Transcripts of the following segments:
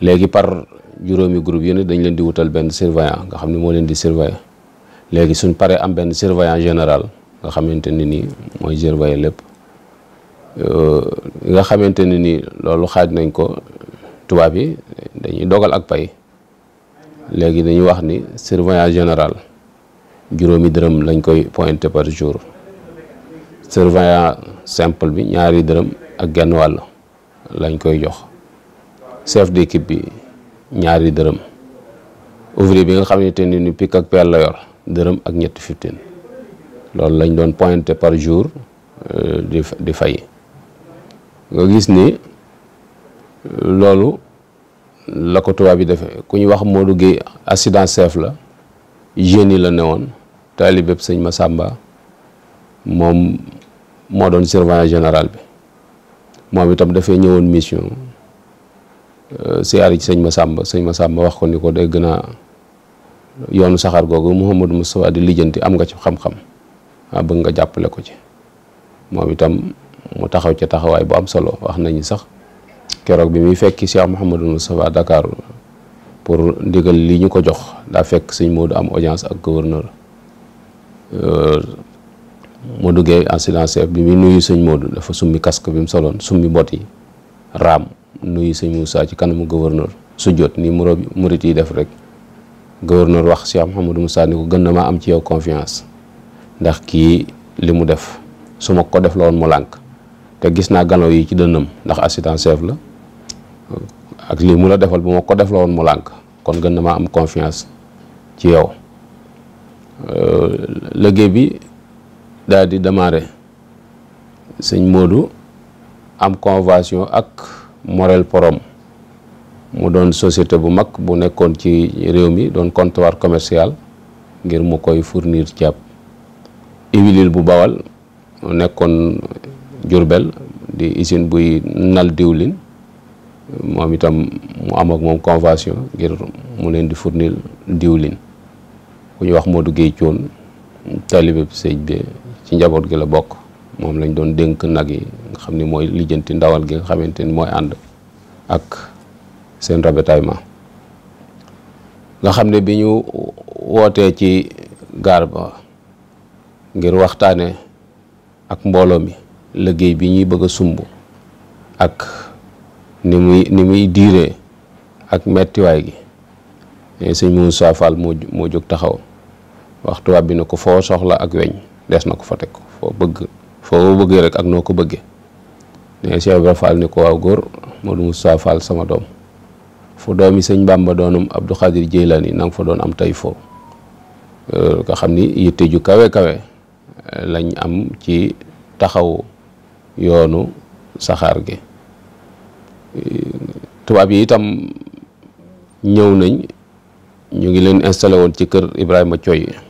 léegi par juróomi group yi dañ leen di wutal benn surveillant nga xam ne moo leen di surveiller léegi suñ paree am benn surveillant général nga xamante ne nii mooy surveiller lépp nga xamante ne nii loolu xaaj nañ ko tubaab yi dañuy dogal ak pay léegi dañuy wax ni surveillant général juróomi dërëm lañ koy pointé par jour surveillant simple bi ñaari dërëm ak genn wàll lañ koy jox chef d'équipe bi ñaari dërëm ouvrier bi nga xamante ne ni pik ak peel la dërëm ak ñetti fifteen loolu lañ doon pointé par jour euh, di di fay nga gis ni loolu la ko tubaab bi defee ku ñu wax Modou Guèye assistant chef la jeunes yi la newoon taalibeb sëñ sàmba moom moo doon surveillant général bi moom itam dafay ñëwoon mission siyaar euh, ci sëñ ma Masamba sëñ ma Masamba wax ko ni ko day gën a yoonu saxaar googu Mouhamadou Moustapha di lijjanti am nga ci xam-xam a ah, bëgg nga jàppale ko ci moom itam mu taxaw ca taxawaay bu am solo wax nañu sax keroog bi muy fekki Cheikh Mouhamadou Moustapha Dakar pour ndigal li ñu ko jox daa fekk sëñ Modou am audience ak gouverneur euh, mu duggee en silence bi muy nuyu sëñ Modou dafa summi casque bi mu soloon summi bot raam nuyu sëñ saa ci kanamu gouverneur su jot ni muro murit yi def rek gouverneur wax Cheikh Mouhamadou Moussa ni ko gën na maa am ci yaw confiance ndax kii li mu def su ma ko def la woon mu lànk te gis naa ganaw yi ci dënnam ndax assistant chef la ak lii mu la defal bu ma ko def la woon mu lànk kon gën na maa am confiance ci yow euh, liggéey bi daal di démarrer sëñ moodu am convention ak Morel Porom mu doon société bu mag bu nekkoon ci réew mi doon comptoir commercial ngir mu koy fournir ceeb huile bu bawal nekkoon Jurbel di usine buy nal diwlin moom itam mu am ak moom convention ngir mu leen di fournir diwlin ku ñuy wax Modou Guèye Thion taalibe sëñ bi ci njaboot gi la bokk moom lañ doon dénk nag yi nga xam ni mooy lijjanti ndawal gi nga xamante ni mooy ànd ak seen ravitaillement nga xam ne bi ñu wootee ci gaar ba ngir waxtaane ak mbooloo mi liggéey bi ñuy bëgg sumb ak ni muy ni muy diiree ak mettiwaay gi eh, sëñ Moussa Fall moo jóg taxaw waxtuwaat bi na ko foo soxla ak weñ des na ko fa teg foo bëgg foo bëggee rek ak noo ko bëggee ne Cheikh Ibra Fall ni ko waaw góor Modou Moustapha Fall sama doom fu doomi sëñ Bàmba doonum Abdou Khadir Jeylaani na nga fa doon am tey foo euh, nga xam ni yitte ju kawe kawe euh, lañ am ci taxaw yoonu saxaar gi euh, tubaab yi itam ñëw nañ ñu ngi leen installé woon ci kër Ibrahima Thioye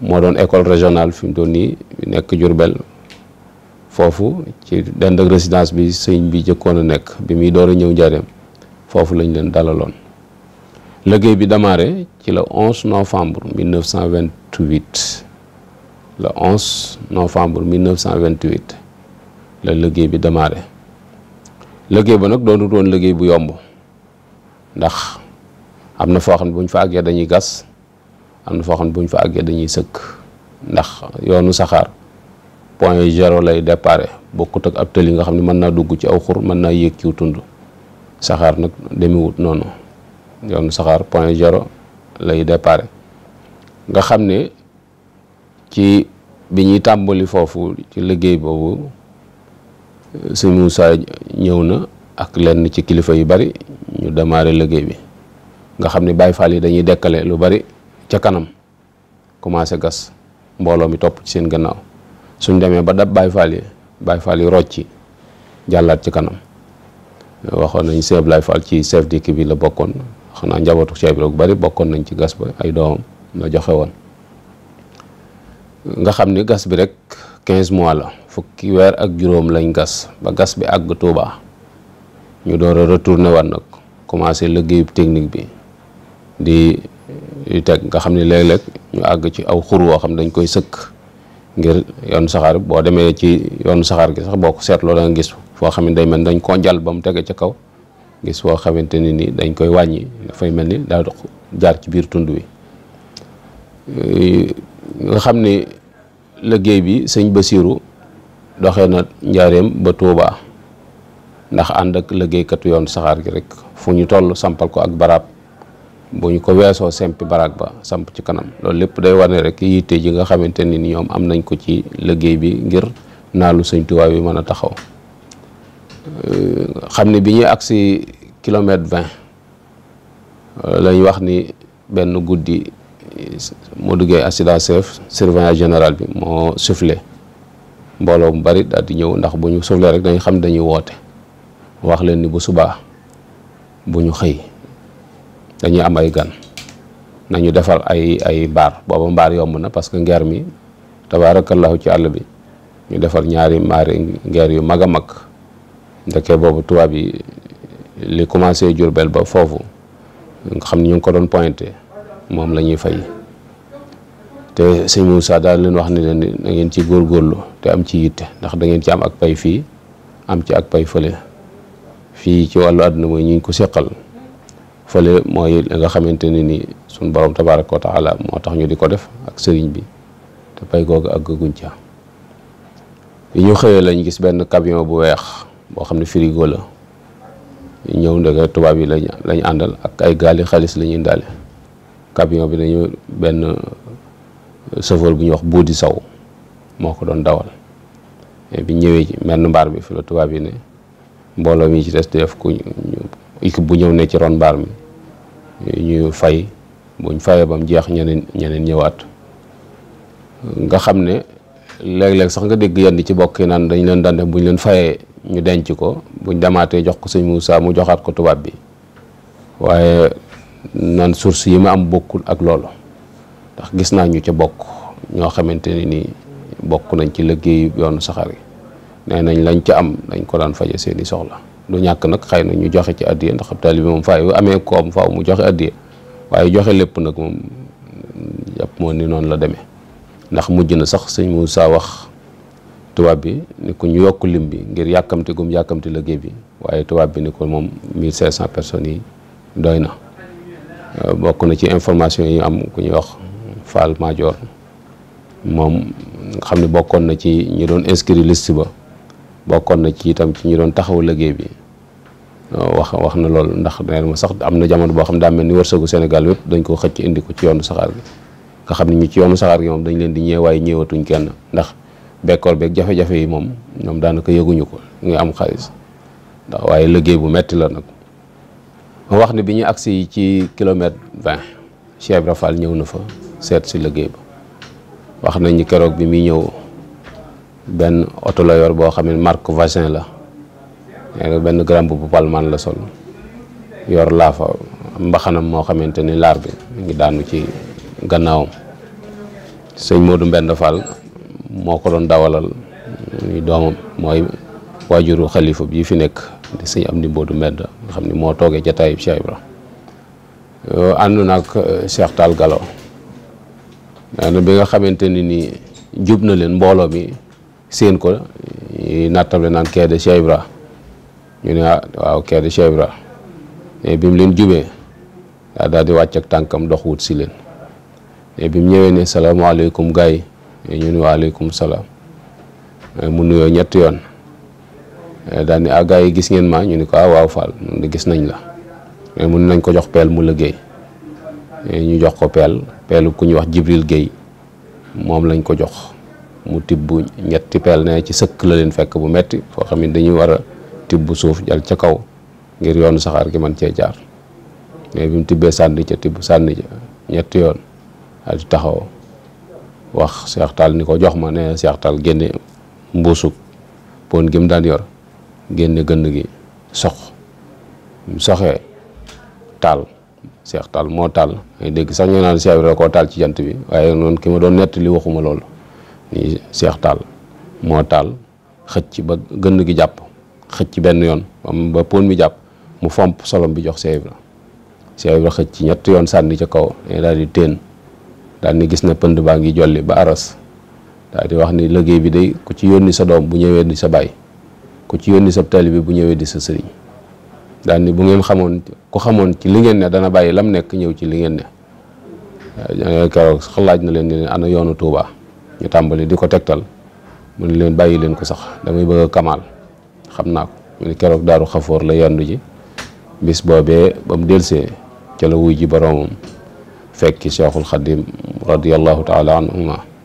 moo doon école régionale fi mu doon nii nekk Jurbel foofu ci dend ak résidence bi sëñ bi jëkkoon a nekk bi muy door a ñëw njaareem foofu lañ leen dalaloon liggéey bi démarré ci le 11 novembre 1928 le 11 novembre 1928 la liggéey bi démarré léggéey ba nag doonut woon liggéey bu yomb ndax am na foo xam ne bu ñu fa àggee dañuy gas am na foo xam ne bu fa àggee dañuy sëkk ndax yoonu saxaar point zéro lay déparé bokkut ak ab tëli nga xam ne mën naa dugg ci aw xur mën naa yéeg ciw tund saxaar nag demewut noonu yoonu saxaar point zéro lay déparé nga xam ne ci bi ñuy tàmbali foofu ci liggéey boobu sëñ Moussa ñëw na ak lenn ci kilifa yu bari ñu démarré liggéey bi nga xam ne Baye Fall yi dañuy dekkale lu bari ca kanam commencé gas mbooloo mi topp ci seen gannaaw suñ demee ba dab Baay Faal yi Baay Faal yi rocci jàllaat ci kanam waxoon nañ Cheikh laay Faal ci chef d'équipe bi la bokkoon xanaa njabootu Cheikh bi bari bokkoon nañ ci gas ba ay doomam la joxe woon nga xam ni gas bi rek quinze mois la fukki weer ak juróom lañ gas ba gas bi àgg Tuuba ñu door a retourné waat nag commencé liggéeyu technique bi di yu teg nga xam ne léeg-léeg ñu àgg ci aw xur woo xam dañ koy sëkk ngir yoon saxaar boo demee ci yoon saxaar gi sax boo ko seetloo da nga gis foo xam ne day mel dañ koo jàll ba mu tege ca kaw gis foo xamante ni ni dañ koy wàññi dafay mel ni daa jaar ci biir tund wi nga xam ne liggéey bi sëñ Basiiru doxee na njaareem ba Tuubaa ndax ànd ak liggéeykatu yoon saxaar gi rek fu ñu toll sampal ko ak barab bu ñu ko weesoo sempi barak ba samp ci kanam loolu lépp day wane rek yitte ji nga xamante ni ñoom am nañ ko ci liggéey bi ngir naalu Sëñ Tuubaa bi mën a taxaw euh, xam ne bi ñuy agsi kilomètre vingt euh, lañ wax ni benn guddi moo duggee accident chef surveillant bi moo soufflé mbooloo mu bari daal di ñëw ndax bu ñu soufflé rek dañ xam dañuy woote wax leen ni bu subaa bu ñu xëy dañuy am ay gan nañu defal ay ay mbaar booba mbaar yomb na parce que ngeer mi tabaarakallahu ci àll bi ñu defal ñaari maari ngeer yu mag a mag ndeke boobu tubaab yi li commencé Jurbel ba foofu nga xam ne ñu ngi ko doon pointé moom la ñuy fay te sëñ Moussa daal leen wax ne leen da ngeen ci góorgóorlu te am ci yitte ndax da ngeen ci am ak pay fii am ci ak pay fële fii ci wàllu àdduna mooy ñu ngi ko seqal fële mooy li nga xamante ne ni suñ borom tabaraka wa taala moo tax ñu di ko def ak sëriñ bi te pay googu ak guñ ca ñu xëyee lañ gis benn camion bu weex boo xam ne frigo la ñëw ndeke tubaab yi lañ lañ àndal ak ay gaali xalis la ñuy indaale bi dañu benn chauffeur bu ñuy wax di saw moo ko doon dawal bi ñëwee ci menn mbaar bi fi la tubaab yi ne mbooloo mi ci des def ku ñu équipe bu ñëw nee ci ron baar mi ñu fay buñ fayee ba mu jeex ñeneen ñeneen ñëwaat nga xam ne léeg-léeg sax nga dégg yenn ci bokk yi naan dañ leen daan def buñ leen fayee ñu denc ko buñ demaatee jox ko sëñ Moussa mu joxaat ko tubaab bi waaye naan source yi ma am bokkul ak loolu ndax gis naa ñu ca bokk ñoo xamante ne nii bokk nañ ci liggéeyu yoonu saxaar yi nee nañ lañ ca am dañ ko daan faje seeni soxla lu ñàkk nag xëy na ñu joxe ci addiya ndax taali bi moom faaw amee koom faaw mu joxe addiya waaye joxe lépp nag moom yàpp moo ni noonu la demee ndax mujj na sax sëñ Moussa wax tubaab bi ni ñu yokk lim bi ngir yàkkamti gum yàkkamti bi waaye tubaab bi ni ko moom mille cinq cent personnes yi doy na bokk na ci information yi am ku ñuy wax Fall Major moom xam ne bokkoon na ci ñu doon inscrit liste ba bokkoon na ci itam ci ñu doon taxaw liggéey bi euh, wax wax na lool ndax nee ma sax am na jamono boo xam daa mel ni wërsëgu Sénégal yëpp dañ ko xëcc indi ko ci yoonu saxaar gi nga xam ne ñu ci yoonu saxaar gi moom dañ leen di ñëw waaye ñëwatuñ kenn ndax bekkoor beeg jafe yi moom ñoom daanaka yëguñu ko ñu am xaalis ndax waaye liggéey bu metti la nag wax ne bi ñu agsi ci kilomètre vingt Cheikh Ibra ñëw na fa seet si liggéey ba wax nañ ni keroog bi muy ñëw benn oto la yor boo xam ne marque Vaccin la benn grand bu palmaan la sol yor laafa mbaxanam moo xamante ni laar bi mu ngi daanu ci gannaawam sëñ Modou Mbend Fall moo ko doon dawalal muy doomam mooy waajuru xalifa bi fi nekk di sëñ Amdi Modou Mbend nga xam moo toogee ca taayib Cheikh Ibra ànd nag euh, Cheikh Tall Galo nee na bi nga xamante ni nii jub na leen mbooloo mi seen ko ñuy nattable naan kër de Cheikh Ibra ñu ne ah waaw kër de Cheikh mais bi mu leen jubee daal di wàcc ak tànkam dox wut si leen mais bi mu ñëwee ne salaamaaleykum gars yi ñu ne waaleykum salaam mu nuyoo ñetti yoon daal ni ah gars yi gis ngeen ma ñu ni ko ah waaw Fall mun de gis nañ la mais mun nañ ko jox peel mu liggéey ñu jox ko peel peelu ku ñuy wax Jibril géey moom lañ ko jox. mu tibb ñetti peel ne ci sëkk la leen fekk bu metti foo xam ne dañuy war a bu suuf jal ca kaw ngir yoonu saxaar gi man cee jaar mais bi mu tibbee sànni ca tibb sànni ca ñetti yoon daal taxaw wax Seex Taal ni ko jox ma ne Seex Taal génne mbuusug pon gi mu yor génne gënn gi sox mu taal Seex Taal moo taal ay dégg sax ñu naan Seex bi da koo taal ci jant bi waaye noonu ki ma doon nettali waxuma loolu ni seex taal moo taal xëcc ba gënn gi jàpp xëcc benn yoon ba pon mi jàpp mu fomp solom bi jox Seex Ibra Seex Ibra xëcc ñett yoon sànni ca kaw daal di téen daal gis na pënd baa ngi jolli ba aras daal wax ni liggéey bi day ku ci yónni sa doom bu ñëwee di sa baay ku ci yónni sa taalibe bi bu ñëwee di sa sëriñ daal bu ngeen xamoon ku xamoon ci li ngeen ne dana bàyyi lam nekk ñëw ci li ngeen ne keroog xalaaj na leen ne ana yoonu Tuubaa tàmbali di ko tegtal mu ne leen bàyyi leen ko sax damay bëgg a kamaal xam naa ko mu ne keroog daaru xafoor la yendu ji bis boobee ba mu delsee ca wuy ji boroomam fekki cheikhul xadim radiallahu taala anhuma